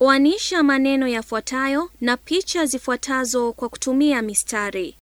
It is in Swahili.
Oanisha maneno yafuatayo na picha zifuatazo kwa kutumia mistari.